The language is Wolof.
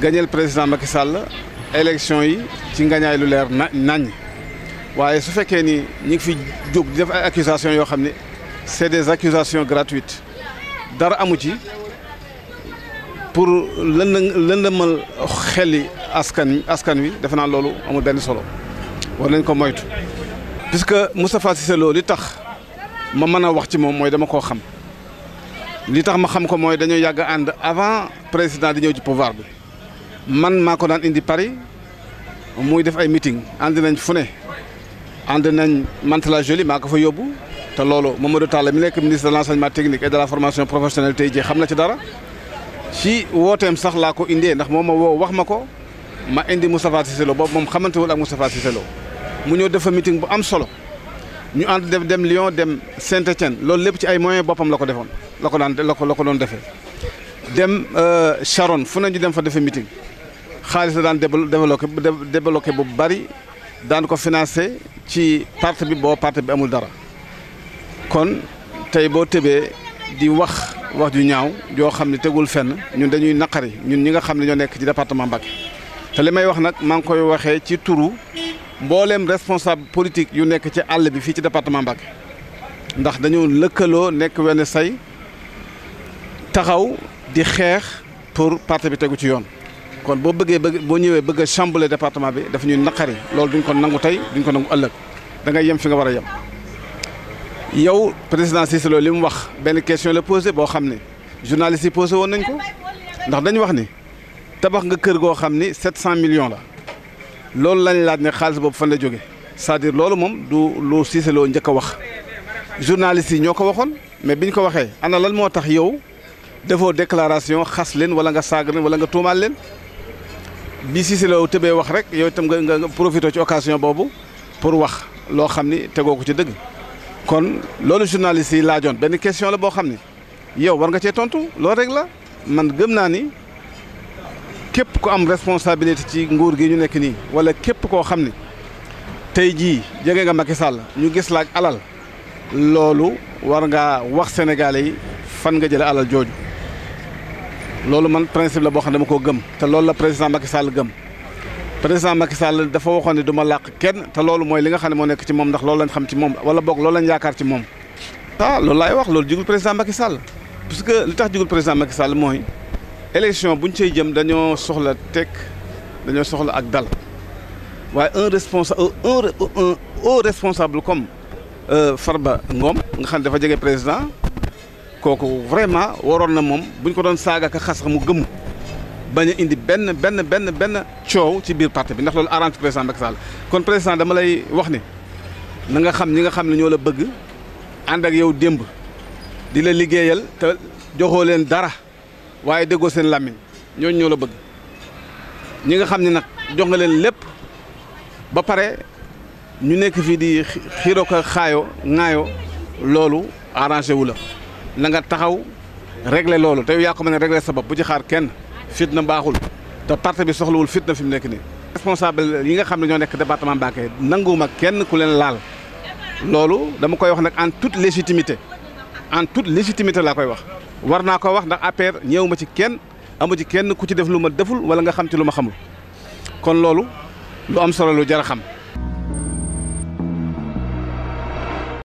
le président Macky Sall élection yi ci ngañay lu leer nañ waye su fekkee ni ñi ngi fi jog def ay accusations yo xamné c'est des accusations gratuites dara amu ci pour lënd lëndëmal xeli askan askan wi defe naa loolu amul solo war nañ ko moytu. puisque Moustapha Cissé Lo li tax ma mëna a wax ci mom moy dama ko xam li tax ma xam ko moy dañoo yag ànd avant président di ñëw ci pouvoir bi. man maa ko daan indi Paris muy def ay meeting ànd nañ fu ne ànd nañ Mantes-la-Jolie maa ko fa yóbbu te loolu Mamadou Talla mi nekk ministre de l'enseignement technique et de la formation professionnelle tey jii xam na ci dara ci wooteem sax laa ko indee ndax moom ma woo wax ma ko ma indi Moustapha Cissé Lo boobu moom xamantewul ak Moustapha Cissé Lo mu ñëw fa mitin bu am solo ñu ànd def dem lion dem Saint-Étienne loolu lépp ci ay moyen boppam la ko defoon la ko daan la ko la ko doon defee dem euh, Charonne fu ne ñu dem fa defe meeting xaalis daan développé développé bu bari daan ko financé ci parti bi boo parti bi amul dara kon tey boo tëbee di wax wax ju ñaaw joo xam ne tegul fenn ñun dañuy naqari ñun ñi nga xam ne ñoo nekk ci département Mbacké te li may wax nag maa ngi koy waxee ci turu mbooleem responsable politique yu nekk ci àll bi fii ci département Mbacké ndax dañoo lëkkaloo nekk wenn say taxaw di xeex pour parti bi tegu ci yoon kon boo bëggee bëgg boo ñëwee bëgg a chambler bi daf ñuy naqari loolu duñ ko nangu tey duñ ko nangu ëllëg da ngay yem fi nga war a yem. yow président Cissé li mu wax benn question la posé boo xam ne journaliste yi posé woon nañ ko ndax dañu wax ni tabax nga kër goo xam ni 700 millions la loolu lañ laaj ne xaalis boobu fan la jóge cest à loolu moom du lu Cissé njëkk a wax journaliste yi ñoo ko waxoon mais biñ ko waxee ana lan moo tax yow. defoo déclaration xas leen wala nga saag wala nga tuumaal leen bi si si la tëbee wax rek yow itam nga nga profito ci occasion bobu pour wax lo xamni ni ci deug kon lolu journaliste yi laajoon ben question la bo xamni ni yow war nga ci tontu lo rek la man gemna ni kep ko am responsabilité ci nguur gi ñu nek ni wala kep ko xamni ni ji jege nga Macky Sall ñu gis la alal lolu war nga wax sénégalais yi fan nga jël alal jooju. loolu man principe la boo xam ne dama koo gëm te loolu la président Macky Sall gëm président Macky Sall dafa waxoon ne du ma kenn te loolu mooy li nga xam ne moo nekk ci moom ndax loolu lañ xam ci moom wala boog loolu lañ yaakaar ci moom. ah loolu laay wax loolu jugul président Macky Sall parce que li tax jugul président Macky Sall mooy bu ñu sey jëm dañoo soxla teg dañoo soxla ak dal waaye un responsa un haut responsable comme euh, Farba Ngom nga xam ne dafa jege président. kooku vraiment waroon na moom bu ñu ko doon saaga ka xas mu gëmm bañ a indi benn benn benn benn coow ci biir parti bi ndax loolu arrange président Macky Sall kon président dama lay wax ni na nga xam ñi nga xam ne ñoo la bëgg ànd ak yow démb di la liggéeyal te joxoo leen dara waaye déggoo seen làmmiñ ñooñu ñoo la bëgg ñi nga xam ne nag jox nga leen lépp ba pare ñu nekk fii di xiiroo ko xaayo ŋaayoo loolu arrangé wu la nanga taxaw régler loolu te yow yaa ko mën a régler sa bopp bu ci xaar kenn fitna baaxul te parti bi soxlawul fitna fi mu nekk nii. responsable yi nga xam ne ñoo nekk département Mbacké nanguwuma kenn ku leen laal loolu dama koy wax nag en toute légitimité en toute légitimité laa koy wax. war naa ko wax ndax APR ñëw ma ci kenn amu ci kenn ku ci def lu ma deful wala nga xam ci lu ma xamul kon loolu lu am solo lu jar a xam.